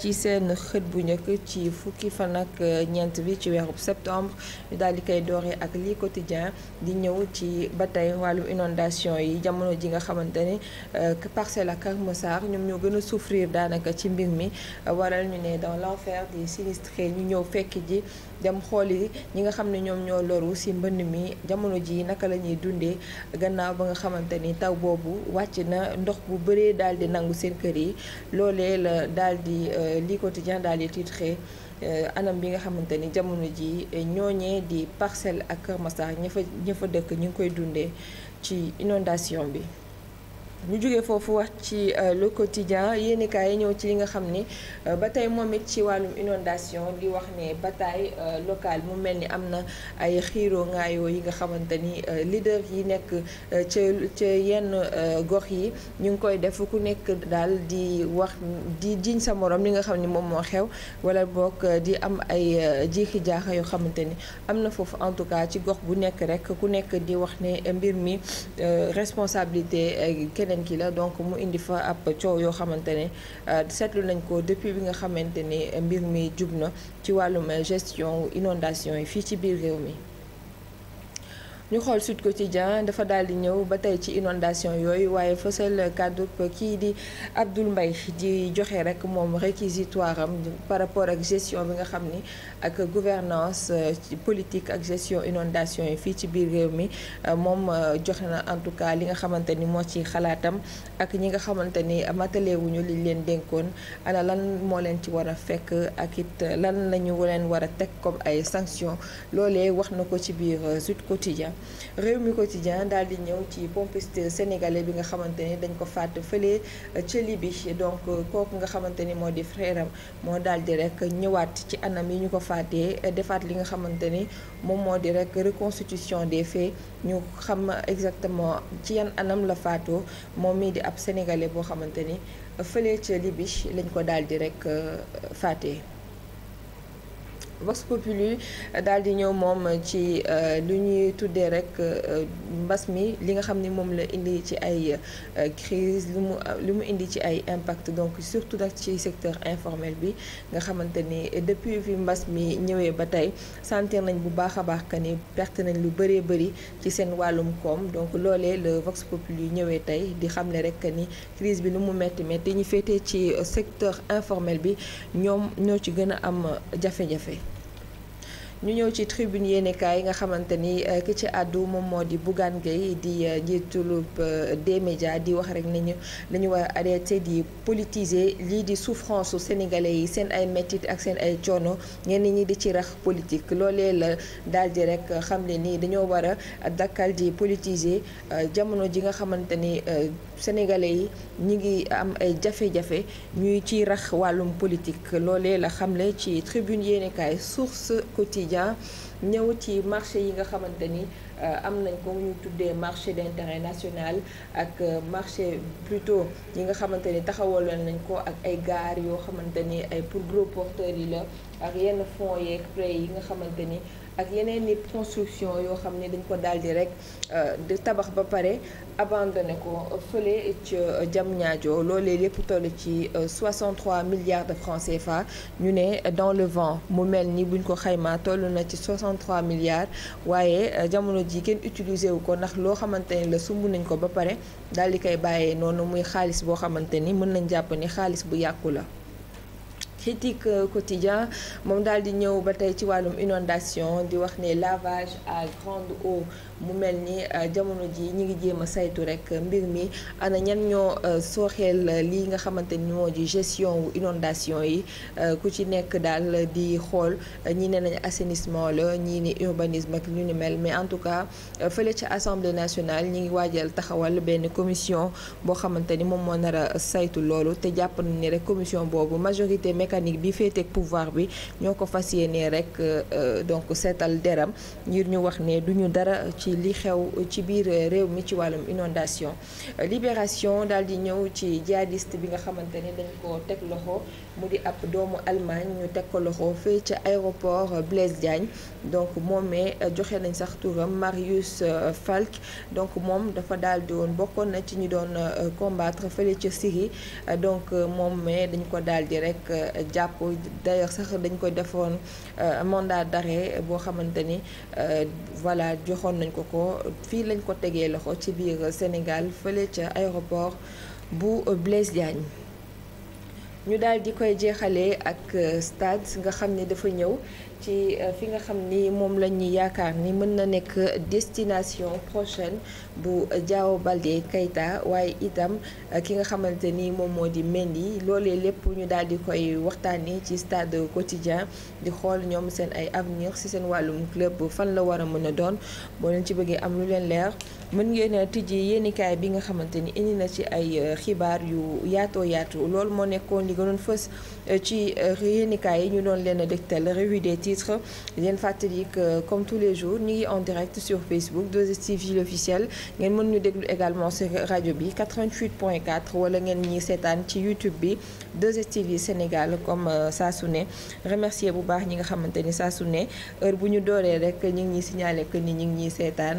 ci seen xët bu njëkk ci fukki fan ak euh, ñeent bi ci weerub septembre ñu daal di koy dooree ak lii quotidien di ñëw ci ba tey wàllum inondation yi jamono ji nga xamante ni euh, Parcelles ak Keur Massar ñoom ñoo gën a souffrir daanaka ci mbir mi waral ñu ne dans l'enfer des sinistrés ñu ñëw fekk ji dem xooli ñi nga xam ne ñoom ñoo loru ci mbënn mi jamono ji naka la ñuy dundee gannaaw ba nga xamante ni taw boobu wàcc na ndox bu bëree daal di nangu seen kër yi loole la daal di euh, lii quotidien daal di titré euh, anam bi nga xamante ni jamono ji ñooñee di parcelle ak Kër Massar ña fa ña fa dëkk ñu ngi koy dundee ci inondation bi ñu jógee foofu wax ci euh, le quotidien yéenekaay yi ñëw ci li nga xam ni euh, ba tey moom it ci wàllum inondation di wax ne bataille euh, locale mu mel ni am na ay xiiroo ngaayoo yi nga xamante ni leader yi nekk ca ca yenn gox yi ñu ngi koy def ku nekk daal di wax di jiñ sa morom li nga xam ni moom moo xew wala boog di am ay jiixi jaaxa yoo xamante ni am na foofu en tout cas ci gox bu nekk rek ku nekk di wax ne mbir mi responsabilité keneen ki la donc mu indi fa ab coow yoo xamante ne euh, seetlu nañ ko depuis bi nga xamante ni mbir mi jub na ci wàllum gestion inondation yi fii ci biir réew mi ñu xool Sud Quotidien dafa daal di ñëw ba tey ci inondation yooyu waaye fësal kàddu kii di Abdoul Mbaye di joxe rek moom réquisitoire am par rapport ak gestion bi nga xam ni ak gouvernance euh, politique ak gestion inondation yi fii ci biir réew mi euh, moom euh, joxe na en tout cas li nga xamante ni moo ci xalaatam ak ñi nga xamante ni matalewuñu liñ leen dénkoon ana lan moo leen ci war a fekk ak it lan lañu leen war a teg comme ay sanctions loolee wax na ko ci biir Sud Quotidien réew mi quotidien daal di ñëw ci pompiste sénégalais bi nga xamante ni dañ ko faat fële euh, ca Libi donc euh, kooku nga xamante ni moo di frère moo daal di rek ñëwaat ci anam yi ñu ko faatee euh, defaat li nga xamante ni moom moo di rek reconstitution des faits ñu xam exactement ci yan anam la faatoo moom mii di ab sénégalais boo xamante ni fële ca Libi lañ ko daal di rek faatee. Vox Populi euh, daal di ñëw moom ci euh, lu ñuy tuddee rek euh, mbas mi li nga xam ni moom la indi ci ay crise lu mu indi ci ay impact donc surtout nag ci secteur informel bi nga xamante ni depuis fi mbas mi ñëwee ba tey sentir nañ bu baax a baax que ni perte nañ lu bëree bëri ci seen wàllum koom donc loolee le Vox Populi ñëwee tey di xamle rek ni crise bi lu mu metti metti ñu féetee ci secteur informel bi ñoom ñoo ci gën a am jafe-jafe ñu ñëw ci tribune yéenekaay yi nga xamante ni euh, ki ci àddu moom moo di Bougane Gueye di euh, njiitulub euh, des médias di wax rek nañu dañu war a di politiser lii di souffrance su sénégalais yi seen ay métit ak seen ay coono ñenn ñi di ci rax politique loolee la daal rek xam ne nii dañoo war a dakkal di politiser jamono ji nga xamante ni sénégalais yi ñu ngi am ay jafe-jafe ñuy ci rax wàllum politique loolee la xamle ci tribune yéenekaay source quotidien quotidien ñëw ci marché yi nga xamante ni Euh, am nañ ko ñu tuddee marché d'intérêt nationale ak euh, marché plutôt yi nga xamante ni taxawaloon nañ ko ak ay gares yoo xamante ni ay pour gros porteurs yi la ak yenn fonds yeeg prêts yi nga xamante ni ak yeneen ni construction yoo xam ne dañ ko daldi rek euh, de tabax ba pare abandonné ko fële ci ñaajoo loolee lépp toll ci 63 milliards de francs CFA ñu ne dans le vent mu mel ni buñ ko xaymaa toll na ci 63 milliards waaye jamono ji kenn utiliser wu ko ndax loo xamante ni la sumb nañ ko ba pare daal di koy bàyyee noonu muy xaalis boo xamante ni mën nañ jàpp ni xaalis bu yàqu la critique euh, quotidien moom daal di ñëw ba tey ci wàllum inondation di wax ne lavage à grande eau mu mel ni euh, jamono ji ñu ngi jéem a saytu rek mbir mi ana ñan ñoo euh, sooxeel lii nga xamante ni moo ji gestion wu inondation yi ku ci nekk daal di xool ñi ne nañ assainissement la ñii ni urbanisme ak ñu ni mel mais en tout cas fële ci assemblée nationale ñi ngi waajal taxawal benn commission boo xamante ni moom moo nar a saytu loolu te jàpp nañ ni commission boobu mécanique bi féeteeg pouvoir bi ñoo ko fas yéenee rek euh, donc seetal deram ngir ñu wax ne duñu dara ci li xew ci biir réew mi ci wàllum inondation libération daal di ñëw ci jihadiste bi nga xamante ne dañ ko teg loxo mu di ab doomu Allemagne ñu teg ko loxo fee ca aéroport Blaise Diagne donc moomee joxe nañ sax turam Marius euh, Falk donc moom dafa daal di woon bokkoon na ci ñu doon euh, combatre fële ca Syrie donc moomee dañ ko daal di rek jàpp d'ailleurs sax dañ koy defoon euh, mandat d'arrêt boo xamante ni euh, voilà joxoon nañ ko ko fii lañ ko tegee loxo ci biir Sénégal fële ca aéroport bu Blaise Diagne. ñu daal di koy jeexalee ak euh, stade nga xam ne dafa ñëw ci euh, fi nga xam ni moom la ñuy yaakaar ni mën na nekk destination prochaine bu Diao Baldé Keita waaye itam euh, ki nga xamante ni moom moo di Mendy loolee lépp ñu daal di koy waxtaanee ci stade quotidien di xool ñoom seen ay avenir si seen wàllum club fan la war a mën a doon boo leen ci bëggee am lu leen leer mën ngeen a tijji yéenikaay bi nga xamante ni indi na ci ay euh, xibaar yu yaatoo yaatu loolu moo nekkoon li gënoon fës ci yéenikaay yi ñu doon leen a dégtal revue des titres di leen fàttali que comme tous les jours ñu ngi en direct sur Facebook 2STV l'officiel ngeen mën ñu déglu également sur rajo bi wala ngeen ñi seetaan ci YouTube bi 2STV Sénégal comme euh, saa remercier bu baax ñi nga xamante ni saa bu ñu dooree rek ñu ngi ñuy signaler ni ñu ngi seetaan.